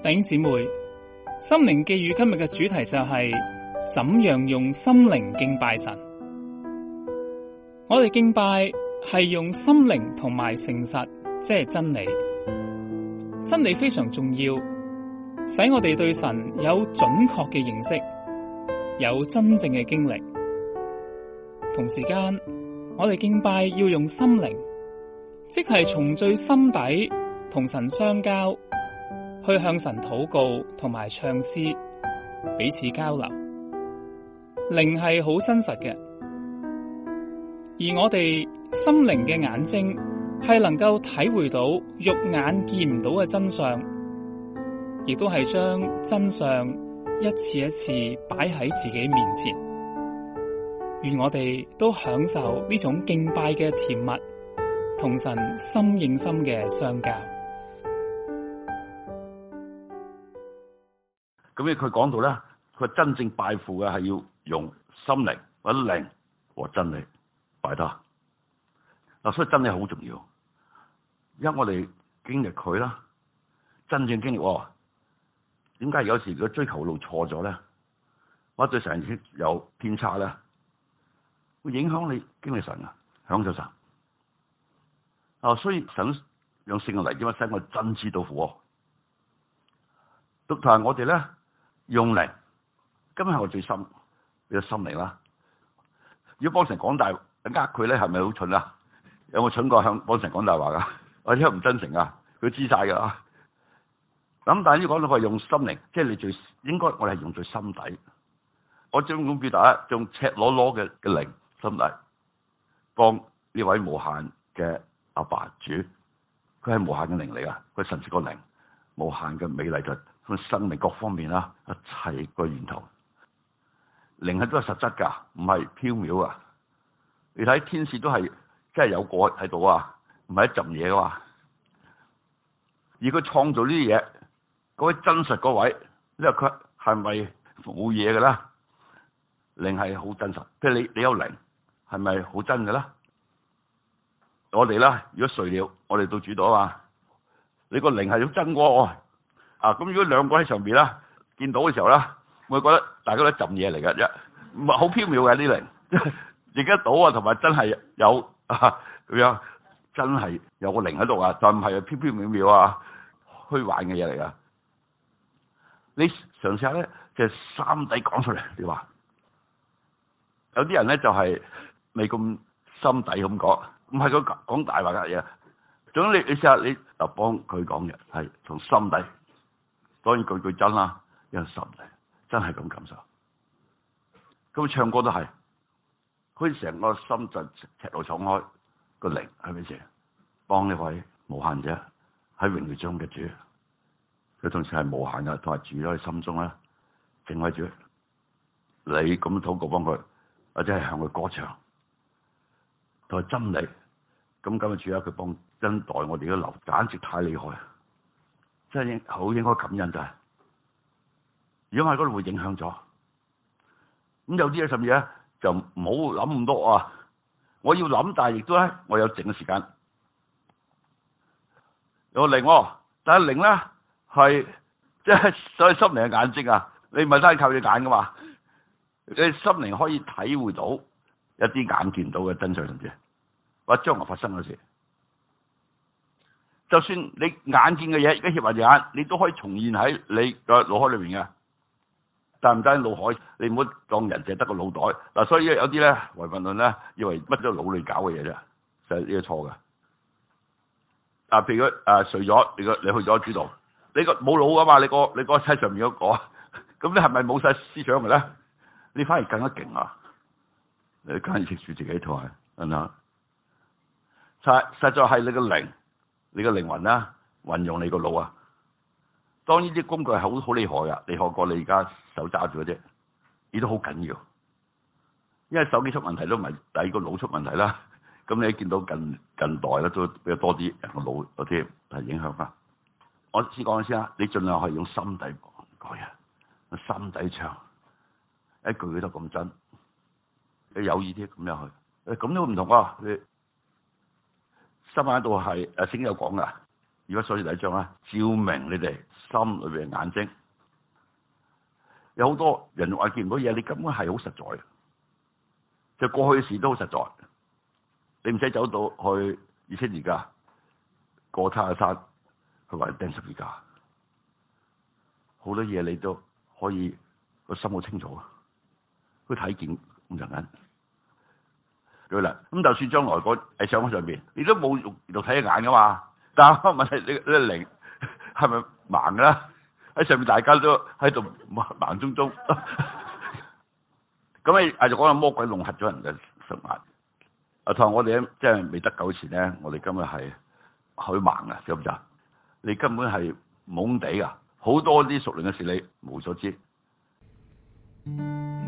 弟兄姊妹，心靈寄語，今日嘅主題就係、是、怎樣用心靈敬拜神。我哋敬拜係用心靈同埋誠實，即係真理。真理非常重要，使我哋對神有準確嘅認識，有真正嘅經歷。同時間，我哋敬拜要用心靈，即係從最心底同神相交。去向神禱告同埋唱詩，彼此交流，靈係好真實嘅。而我哋心靈嘅眼睛係能夠體會到肉眼見唔到嘅真相，亦都係將真相一次一次擺喺自己面前。願我哋都享受呢種敬拜嘅甜蜜，同神心應心嘅相交。所以佢講到咧，佢真正拜父嘅係要用心靈揾靈和真理拜他。啊，所以真理好重要，因為我哋經歷佢啦，真正經歷我，點解有時佢追求的路錯咗咧，或者成日有偏差咧，會影響你經歷神啊，享受神啊，所以神用聖靈嚟點樣使我真知道到父我，獨憑我哋咧。用靈，今日係我最深嘅心靈啦。如果幫神講大，呃佢咧，係咪好蠢啊？有冇蠢過向幫神講大話噶？我聽唔真誠噶，佢知晒噶。咁但係呢講到我用心靈，即係你最應該，我係用最心底。我將咁表達，用赤裸裸嘅嘅靈，心底幫呢位無限嘅阿爸主，佢係無限嘅靈嚟啊！佢神是個靈。無限嘅美麗就生命各方面啦，一切嘅源頭，靈係都係實質噶，唔係縹緲噶。你睇天使都係真係有個喺度啊，唔係一陣嘢噶。而佢創造呢啲嘢，嗰位真實嗰位，因為佢係咪冇嘢噶啦？靈係好真實，即係你你有靈，係咪好真噶啦？我哋啦，如果碎了，我哋到主度啊嘛。你個靈係要真過啊，咁、啊、如果兩個喺上面啦，見到嘅時候啦，我會覺得大家都一浸嘢嚟㗎。一唔係好飄渺嘅啲靈，亦得到啊，同埋真係有啊咁樣，真係有個靈喺度啊，就唔係飄飄渺渺啊，虛幻嘅嘢嚟噶。你嘗試下咧就是、心底講出嚟，你話有啲人咧就係未咁心底咁講，唔係講講大話嘅嘢。咁你試試你成日你又幫佢講嘅係從心底，當然句句真啦，因為心底真係咁感受。咁唱歌都係，佢成個心就赤露敞開個靈，係咪先？幫呢位無限者喺榮耀中嘅主，佢同時係無限嘅，同埋住喺心中咧敬拜主。你咁禱告幫佢，或者係向佢歌唱，同埋真理。咁今日處喺佢幫真待我哋嘅樓，簡直太厲害，真係好應該感恩真係。如果喺嗰度會影響咗，咁有啲嘢甚至咧就唔好諗咁多啊！我要諗，但係亦都咧我有整嘅時間。有靈喎、啊，但係靈咧係即係所以心靈嘅眼睛啊！你唔係真係靠你眼㗎嘛？你心靈可以體會到一啲眼見到嘅真相，甚至。我將來發生嗰事，就算你眼見嘅嘢，而家瞌埋隻眼，你都可以重現喺你個腦海裏面嘅。但唔單，腦海你唔好當人淨係得個腦袋嗱。所以有啲咧唯物論咧，以為乜都係腦嚟搞嘅嘢啫，就係、是、呢個錯㗎。嗱、啊，譬如誒睡咗，你個你去咗主道，你個冇腦啊嘛？你個你個身上面嗰個，咁 你係咪冇晒思想嘅咧？你反而更加勁啊！你堅持住自己台，等、嗯、等。實實在係你個靈，你個靈魂啦，運用你個腦啊。當然呢啲工具係好好厲害啊。厲害過你而家手揸住嗰啲，亦都好緊要。因為手機出問題都唔係，第二個腦出問題啦。咁你見到近近代咧都比較多啲人個腦嗰啲係影響啊。我先講先啊，你儘量可以用心底講嘢，心底唱，一句都咁真，有意啲咁入去。誒，咁都唔同啊，你。今晚度係阿星有講噶，而家所以第一章啊，照明你哋心裏邊嘅眼睛，有好多人話見唔到嘢，你根本係好實在嘅，就是，過去事都好實在，你唔使走到去二千二家，過差下山去買三十二價，好多嘢你都可以個心好清楚，去睇見咁簡單。咁就算將來個喺上邊，你都冇用用睇眼噶嘛，但係問題，你你靈係咪盲噶啦？喺上面大家都喺度盲，盲中中，咁你啊，繼續講啊，魔鬼弄瞎咗人嘅心眼。阿、啊、唐，我哋即係未得救前咧，我哋今日係許盲啊，知唔知啊，你根本係懵地噶，好多啲屬靈嘅事你冇所知。嗯